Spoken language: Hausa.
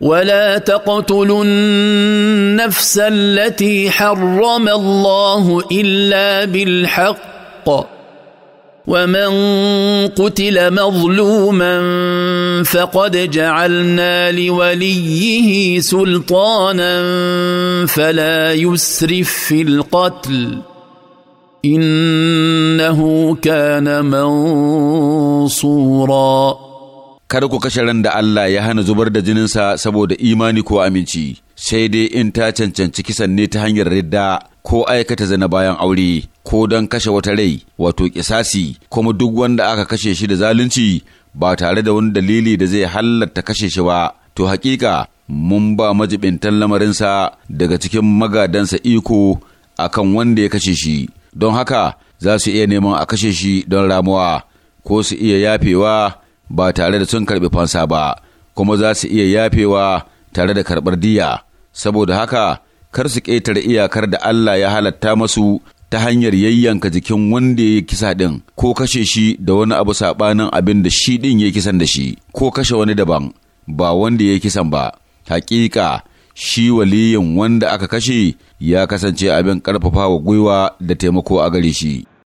ولا تقتلوا النفس التي حرم الله الا بالحق ومن قتل مظلوما فقد جعلنا لوليه سلطانا فلا يسرف في القتل انه كان منصورا kada ku kashe ran da Allah ya hana zubar da jininsa saboda imani ko aminci, sai dai in ta cancanci kisan ne ta hanyar ridda ko aikata zina bayan aure, ko don kashe wata rai, wato kisasi, kuma duk wanda aka kashe shi da zalunci ba tare da wani dalili da zai hallarta kashe shi ba, to hakika mun ba majibintan lamarinsa daga cikin magadansa iko akan wanda ya kashe shi, don haka za su iya neman a kashe shi don ramuwa, ko su iya yafewa. ba tare da sun karɓi fansa ba kuma za su iya yafewa tare da karɓar diya saboda haka kar su ƙetare iyakar da Allah ya halatta masu ta hanyar yayyanka jikin wanda ya kisa ɗin ko kashe shi da wani abu saɓanin abin da shi ɗin ya kisan da shi ko kashe wani daban ba wanda ya kisan ba hakika shi waliyin wanda aka kashe ya kasance abin ƙarfafa wa gwiwa da taimako a gare shi.